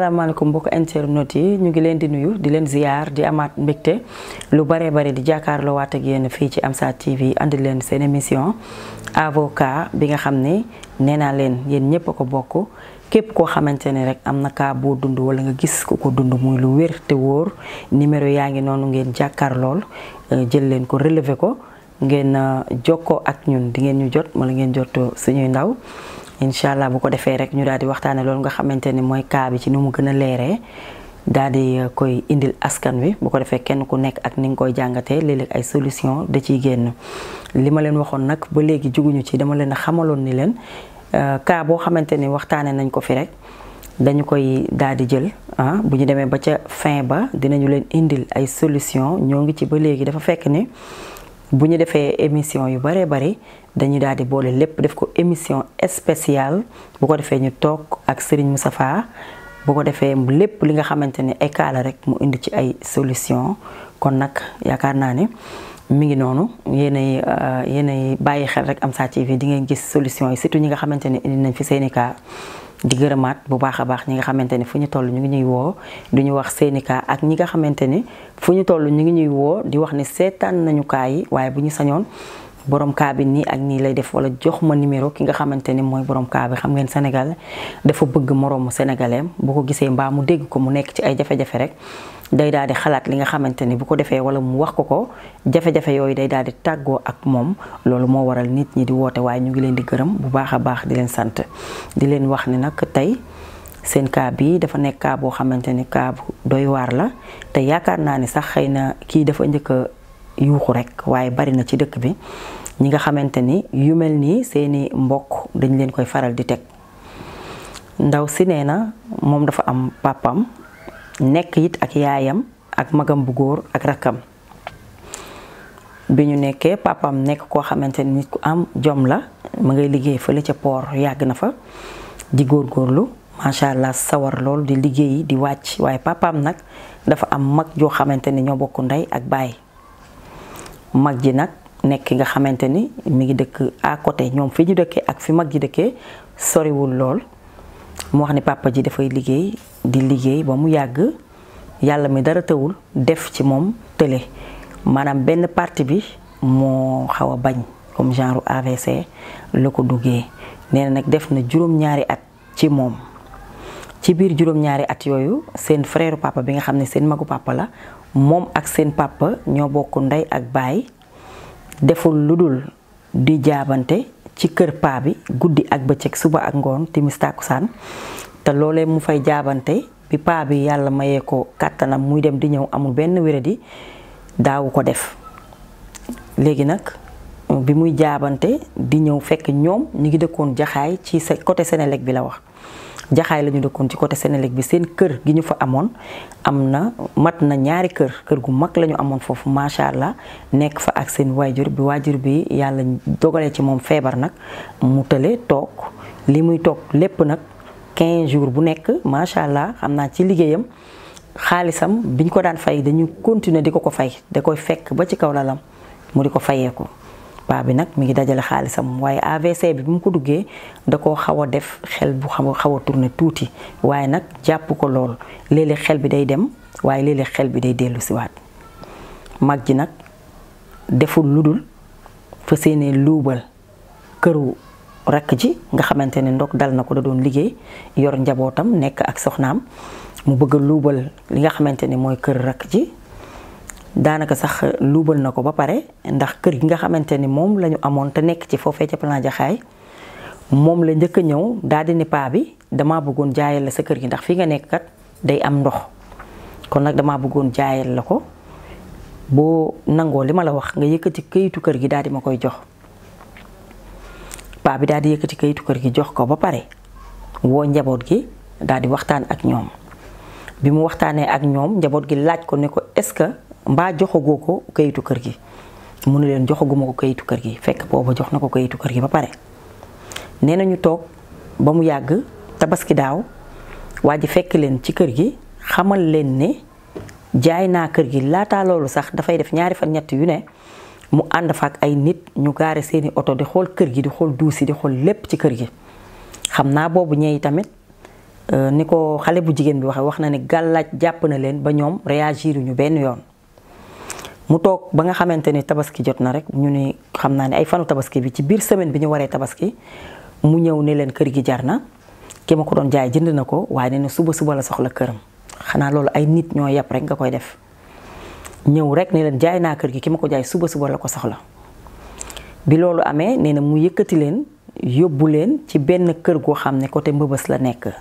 salaamaaleykum mbokk internautes yi ñu ngi leen di nuyu di leen ziyaar di amaat mbégte lu bare bare di jàkkaarloo waat ak yéen fii ci am Amsa TV andi leen seen émission à vos bi nga xam ne nee naa leen yéen ñëpp a ko bokk képp koo xamante ne rek am na kaa boo dund wala nga gis ku ko dund muy lu wér te wóor numéro yaa ngi noonu ngeen jàkkaarlool euh, jël leen ko relever ko ngeen euh, jokkoo ak ñun di ngeen ñu jot wala ngeen jot suñuy ndaw. incha allah bu ko defee rek ñu daal di waxtaanee loolu nga xamante ni mooy kaa bi ci nu mu gën a leeree daal di euh, koy indil askan wi bu ko defee kenn ku nekk ak ni nga koy jàngatee léeg ay solution da ciy génn li ma leen waxoon nag ba léegi juguñu ci dama leen a xamaloon ni leen euh, cas boo xamante ni waxtaanee nañ ko fi rek dañu koy daal di jël ah bu ñu demee ba ca fin ba dinañu leen indil ay solution ñoo ngi ci ba léegi dafa fekk ni bu ñu defee émission yu bëree bëri dañuy daal di boole lépp def ko émission spéciale bu ko defee ñu toog ak Serigne Moustapha bu ko defee lépp li nga xamante ne ay kaala rek mu indi ci ay solution kon nag yaakaar naa ne mu ngi noonu yéenay euh, yéenay bàyyi xel rek Amsa TV di ngeen gis solution yi surtout ñi nga xamante ne indi nañ fi seeni kaa di gërëmaat bu baax a baax ñi nga xamante ne fu ñu toll ñu ngi ñuy woo du ñu wax seeni kaa ak ñi nga xamante ne fu ñu toll ñu ngi ñuy woo di wax ne seetaan nañu kaa yi waaye bu ñu sañoon borom kaa bi nii ak nii lay def wala jox ma numéro ki nga xamante ni mooy borom kaabi xam ngeen senegal dafa bëgg moroomu sénégalais boo ko gisee mbaa mu dégg ko mu nekk ci ay jafe-jafe rek day daal di xalaat li nga xamante ni bu ko defee wala mu wax ko ko jafe-jafe yooyu day daal di tàggoo ak moom loolu moo waral nit ñi di woote waaye ñu ngi leen di gërëm bu baax a baax di leen sant di leen wax ni nag tey seen cas bi dafa nekk cas boo xamante ni cas bu waar la yaakaar naa ni sax xëy na kii dafa njëkk yuuxu rekk waaye bari na ci dëkk bi ñi nga xamante ni yu mel nii seeni mbokk dañ leen koy faral di teg ndaw si nee na moom dafa am pàppam nekk it ak yaayam ak magam bu góor ak rakkam bi ñu nekkee papam nekk koo xamante ni nit ku am jom la ma ngay liggéey fële ca poor yàgg na fa di góor góorlu macha allah sawar lool di liggéey di wàcc waaye papam nag dafa am mag joo xamante ni ñoo bokk ndey ak baay mag ji nag nekk nga xamante ni mi ngi dëkk à côté ñoom fi ñu dëkkee ak fi mag ji dëkkee soriwul lool mu wax ni papa ji dafay liggéey di liggéey ba mu yàgg yàlla mi dara tëwul def ci moom télé maanaam benn partie bi moo xaw a bañ comme genre AVC la ko duggee nee nag def na juróom-ñaari at ci moom ci biir juróom-ñaari at yooyu seen frère papa bi nga xam ne seen magu papa la moom ak seen papa ñoo bokk ndey ak baay deful lu dul di jaabante ci kër paa bi guddi ak bëccëg suba ak ngoon timis tàkkusaan te loolee mu fay jaabante bi paa bi yàlla mayee ko kàttanam muy dem di ñëw amul benn wéradi daawu ko def léegi nag bi muy jaabante di ñëw fekk ñoom ñu ngi dëkkoon jaxaay ci côté Sénélec bi la wax jaxaay la ñu dëkkoon ci côté Sénélec bi seen kër gi ñu fa amoon am na mat na ñaari kër kër gu mag la ñu amoon foofu macha allah nekk fa ak seen waajur bi waajur bi yàlla dogalee ci moom feebar nag mu tële toog li muy toog lépp nag 15 jours bu nekk macha allah xam naa ci liggéeyam xaalisam biñ ko daan fay dañu continuer di ko ko fay da koy fekk ba ci kaw lalam mu di ko fayeeku paa bi nag mu ngi dajale xaalisam waaye AVC bi bu mu ko duggee da koo xaw a def xel bu xam xaw a tourné tuuti waaye nag jàpp ko lool léeg xel bi day dem waaye léeg xel bi day dellu siwaat mag ji nag deful ludul fa seenee luubal këru rakk ji nga xamante ne ndok dal na ko da doon liggéey yor njabootam nekk ak soxnaam mu bëgg luubal li nga xamante ne mooy kër rakk ji daanaka sax luubal na ko ba pare ndax kër gi nga xamante ni moom lañu amoon te nekk ci foofee ca naa jaxaay moom la njëkk a ñëw daal di ne paa bi damaa bëggoon jaayal la sa kër gi ndax fii nga nekk kat day am ndox kon nag damaa bëggoon jaayal la ko boo nangoo li ma la wax nga yëkkati këyitu kër gi daal di ma koy jox paa bi daal di yëkkati këyitu kër gi jox ko ba pare woo njaboot gi daal di waxtaan ak ñoom bi mu waxtaanee ak ñoom njaboot gi laaj ko ne ko est-ce que mbaa joxagoo ko kayitu kër gi mu ne leen joxaguma ko kayitu kër gi fekk booba jox na ko kayitu kër gi ba pare nee na ñu toog ba mu yàgg tabaski daaw waa ji fekk leen ci kër gi xamal leen ne jaay naa kër gi laataa loolu sax dafay def ñaari fan ñett yu ne mu ànd fa ak ay nit ñu gaare seeni oto di xool kër gi di xool duusi di xool lépp ci kër gi xam naa boobu ñey tamit euh, ni ko xale bu jigéen bi waxee wax na ne gàllaaj jàpp na leen ba ñoom réagiruñu benn yoon mu toog ba nga xamante ni tabaski jot na rek ñu ne xam naa ne ay fanu tabaski bi ci biir semaine bi ñu waree tabaski mu ñëw ne leen kër gi jar na ki ma ko doon jaay jënd na ko waaye ne suba suba la soxla këram xanaa loolu ay nit ñoo yàpp rek nga koy def ñëw rek ne leen jaay naa kër gi ki ma ko jaay suba suba ko soxla bi loolu amee nee na mu yëkkati leen yóbbu leen ci benn kër goo xam ne côté mbëbës la nekk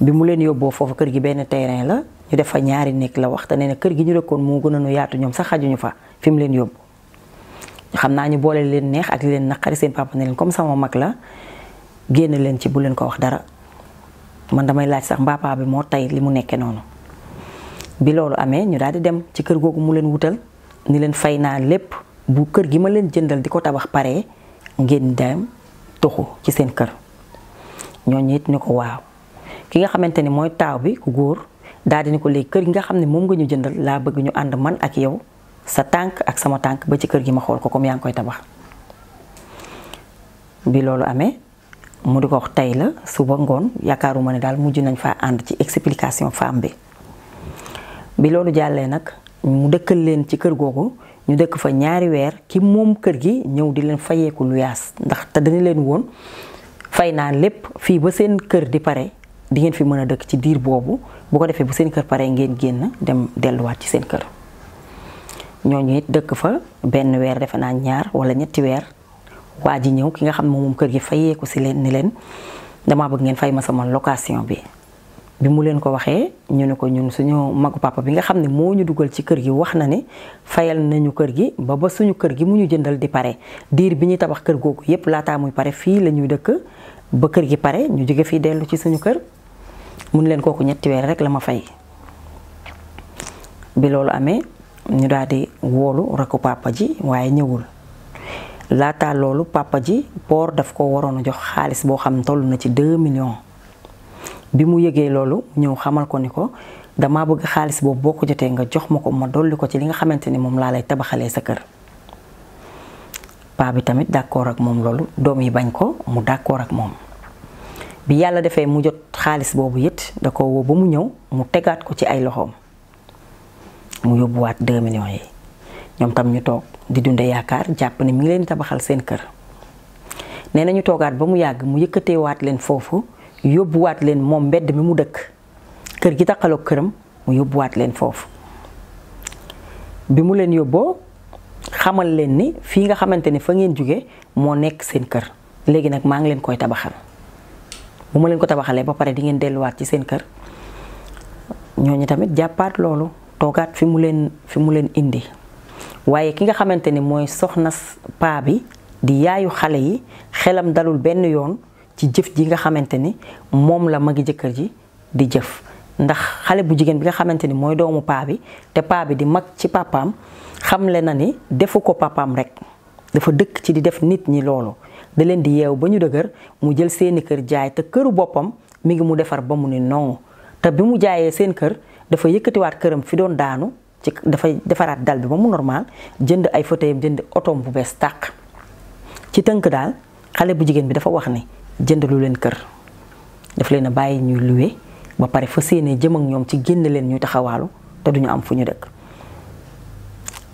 bi mu leen yóbboo foofu kër gi benn terrain la ñu def fa ñaari nekk la wax te nee na kër gi ñu rekkoon moo gën a nu yaatu ñoom sax xajuñu fa fi mu leen yóbbu xam naa ñu boole leen neex ak leen naqari seen papa ne leen comme sama mag la génn leen ci bu ko wax dara man damay laaj sax mbapaa bi moo tay li mu nekkee noonu bi loolu amee ñu daal di dem ci kër googu mu leen wutal ni leen fay naa lépp bu kër gi ma leen jëndal di ko tabax pare ngeen dem toxu ci seen kër ñooñu it ñu ko waaw ki nga xamante ni mooy taaw bi ku góor daal di ni ko léegi kër gi nga xam ne moom nga ñu jëndal laa bëgg ñu ànd man ak yow sa tànk ak sama tànk ba ci kër gi ma xool ko comme yaa ngi koy tabax bi loolu amee mu di ko wax tey la suba ngoon yaakaaruma ne daal mujj nañ faa ànd ci explication femme bi bi loolu jàllee nag mu dëkkal leen ci kër googu ñu dëkk fa ñaari weer ki moom kër gi ñëw di leen fayeeku luyaas yaas ndax te dañu leen woon fay naa lépp fii ba seen kër di pare di ngeen fi mën a dëkk ci diir boobu bu ko defee bu seen kër paree ngeen génn dem delluwaat ci seen kër ñooñu it dëkk fa benn weer defe naa ñaar wala ñetti weer waa ji ñëw ki nga xam ne moom kër gi fayee si leen ni leen damaa bëgg ngeen fay ma sama location bi. bi leen ko waxee ñu ne ko ñun suñu magu papa bi nga xam ne moo ñu dugal ci kër gi wax na ne fayal nañu kër gi ba ba suñu kër gi mu ñu jëndal di pare diir bi ñuy tabax kër googu yépp laataa muy pare fii la ñuy dëkk ba kër gi pare ñu jóge fii dellu ci suñu kër. mun leen kooku ñetti weer rek la ma fay bi loolu amee ñu daal di woolu rakku papa ji waaye ñëwul laata loolu papa ji poor daf ko waroon a jox xaalis boo xam toll na ci 2 million bi mu yëgee loolu ñëw xamal ko ni ko dama bëgg xaalis boobu boo ko jotee nga jox ma ko ma dolli ko ci li nga xamante ni moom laa lay tabaxalee sa kër paa bi tamit d'accord ak moom loolu doom yi bañ ko mu d'accord ak moom bi yàlla defee mu jot. xaalis boobu it da ko woo ba mu ñëw mu tegaat ko ci ay loxoom mu yóbbuwaat 2 millions yi ñoom tam ñu toog di dunde yaakaar jàpp ne mi ngi leen tabaxal seen kër nee na ñu toogaat ba mu yàgg mu yëkkatee waat leen foofu yóbbuwaat leen moom mbedd mi mu dëkk kër gi taqaloo këram mu yóbbuwaat leen foofu bi mu leen yóbboo xamal leen ni fii nga xamante ne fa ngeen jóge moo nekk seen kër léegi nag maa ngi leen koy tabaxal bu ma leen ko tabaxalee ba pare dingeen ngeen delluwaat ci seen kër ñooñu tamit jàppaat loolu toogaat fi mu leen fi mu leen indi waaye ki nga xamante ni mooy soxna paa bi di yaayu xale yi xelam dalul benn yoon ci jëf ji nga xamante ni moom la magi jëkkër ji di jëf ndax xale bu jigéen bi nga xamante ni mooy doomu paa bi te paa bi di mag ci papaam xamle na ni defu ko papaam rek dafa dëkk ci di def nit ñi loolu da leen di yeew ba ñu dëgër mu jël seeni kër jaay te këru boppam mi ngi mu defar ba mu ne non te bi mu jaayee seen kër dafa yëkkatiwaat këram fi doon daanu ci dafay defaraat dal bi ba mu normal jënd ay fauteuil jënd otoom bu bees tàq ci tënk daal xale bu jigéen bi dafa wax ne jënd lu leen kër daf leen bàyyi ñuy luwe ba pare fa séenee jëm ak ñoom ci génn leen ñuy taxawaalu te duñu am fu ñu dëkk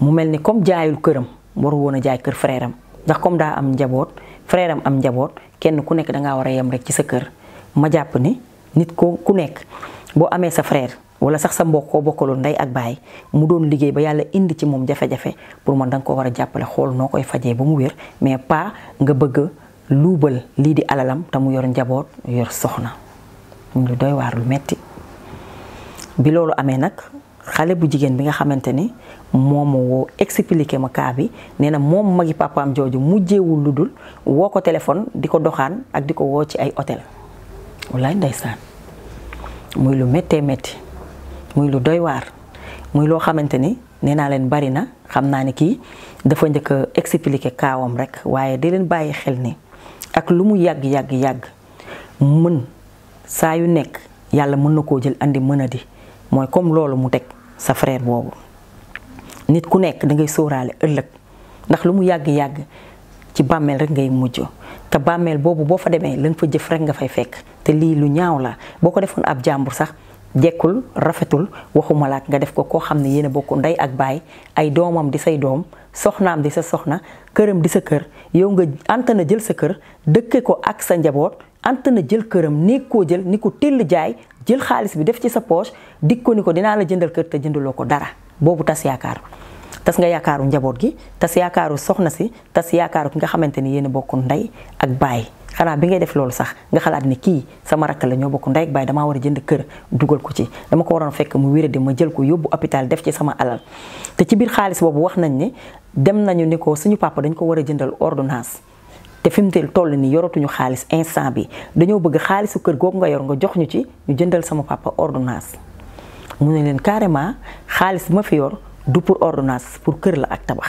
mu mel ni comme jaayul këram waru woon a jaay kër frère ndax comme daa am njaboot frère am am njaboot kenn ku nekk da ngaa war a yem rek ci sa kër ma jàpp ni nit ko ku nekk boo amee sa frère wala sax sa mbokk koo bokkaloon ndey ak baay mu doon liggéey ba yàlla indi ci moom jafe-jafe pour man da ko war a jàppale xool noo koy fajee ba mu wér mais pas nga bëgg luubal lii di alalam te mu yor njaboot yor soxna lu doy waar lu metti bi loolu amee nag xale bu jigéen bi nga xamante ni moom moo woo expliqué ma kaa bi nee na moom magi papaam jooju mujjewul lu dul woo ko téléphone di ko doxaan ak di ko woo ci ay hôtel wallaay ndeysaan muy lu méttee metti muy lu doy waar muy loo xamante ni nee naa leen bari na xam naa ni kii dafa njëkk a expliqué kaawam rekk waaye di leen bàyyi xel ni ak lu mu yàgg yàgg yàgg mën saa yu nekk yàlla mën na koo jël andi mën di mooy comme loolu mu teg sa frère boobu nit ku nekk dangay ngay ëllëg ndax lu mu yàgg-yàgg ci bàmmeel rek ngay mujj te bàmmeel boobu boo fa demee lañ fa jëf rek nga fay fekk te lii lu ñaaw la boo ko defoon ab jàmbur sax jekkul rafetul waxuma waxumalaat nga def ko koo xam ne yéen a bokk ndey ak baay ay doomam di say doom soxnaam di sa soxna këram di sa kër yow nga anta na jël sa kër dëkke ko ak sa njaboot anta na jël këram néeg koo jël ni ko tell jaay jël xaalis bi def ci sa poche dik ko ko dinaa la jëndal kër te ko dara boobu tas yaakaar tas nga yaakaaru njaboot gi tas yaakaaru soxna si tas yaakaaru ki nga xamante ni yéen a bokk ndey ak baay xanaa bi ngay def loolu sax nga xalaat ni kii sama rakk la ñoo bokk ndey baay damaa war a jënd kër dugal ko ci dama ko waroon fekk mu wéradi ma jël ko yóbbu hôpital def ci sama alal te ci biir xaalis boobu wax nañ ni dem nañu ni ko suñu papa dañ ko war a jëndal ordonnance te fi mu toll nii yoratuñu xaalis instant bi dañoo bëgg xaalisu kër googu nga yor nga jox ñu ci ñu jëndal sama papa ordonnance mu ne leen carrément xaalis ma fi yor du pour ordonnance pour kër la ak tabax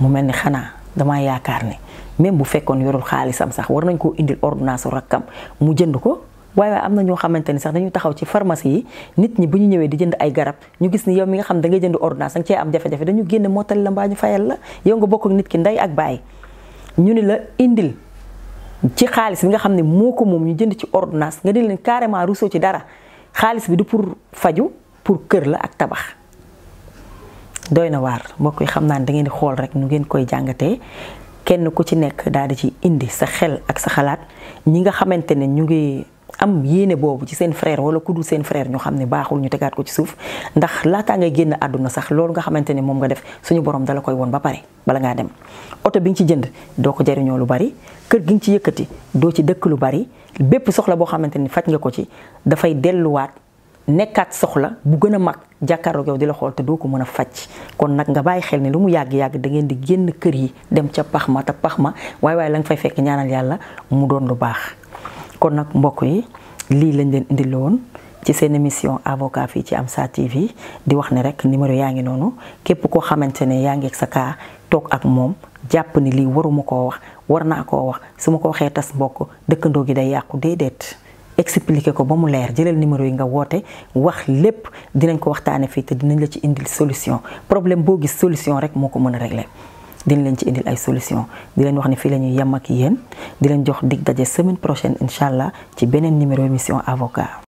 mu mel ni xanaa damaa yaakaar ne même bu fekkoon yorul xaalisam sax war nañ koo indil ordonnance rakkam mu jënd ko waaye waaye am na ñoo xamante ni sax dañu taxaw ci pharmacie yi nit ñi bu ñu ñëwee di jënd ay garab ñu gis ni yow mi nga xam ne dangay jënd ordonnance danga cee am jafe-jafe dañu génne mottali la mbaa ñu fayal la yow nga bokk nit ki ndey ak baay ñu ni la indil ci xaalis bi nga xam ne moo ko moom ñu jënd ci ordonnance nga di leen carrément ruusoo ci dara xaalis bi du pour faju pour kër la ak tabax doy na waar mbokk yi xam naa ne da ngeen di xool rek nu ngeen koy jàngatee kenn ku ci nekk daal di ci indi sa ak sa xalaat ñi nga xamante ne ñu ngi am yéene boobu ci seen frère wala ku dul seen frère ñu xam ne baaxul ñu tegaat ko ci suuf ndax laataa ngay génn àdduna sax loolu nga xamante ne moom nga def suñu borom dala koy woon ba pare bala ngaa dem oto bi nga ci jënd doo ko jariñoo lu bari kër gi nga ci yëkkati doo ci dëkk lu bari bépp soxla boo xamante ni faj nga ko ci dafay delluwaat nekkaat soxla bu gën a mag jàkkaarloog yow di la xool te doo ko mën a faj kon nag nga bàyyi xel ni lu mu yàgg-yàgg da ngeen di génn kër yi dem ca pax ma te ma waaye waaye la fay fekk ñaanal yàlla mu doon lu baax kon nag mbokk yi lii lañ leen woon ci seen émission avocat fii ci Amsa TV di wax ne rek numéro yaa ngi noonu képp koo xamante ne yaa ngi ak sa kaa toog ak moom jàpp ni lii waruma koo wax war naa koo wax su ma ko waxee tas mbokk dëkkandoo gi day yàqu déedéet. expliqué ko ba mu leer jëlal numéro yi nga woote wax lépp dinañ ko waxtaanee fii te dinañ la ci indil solution problème boo gis solution rek moo ko mën a régler dinañ leen ci indil ay solution di leen wax ne fii la ñuy yem ak yéen di leen jox dig daje semaine prochaine incha allah ci beneen numéro émission avocat.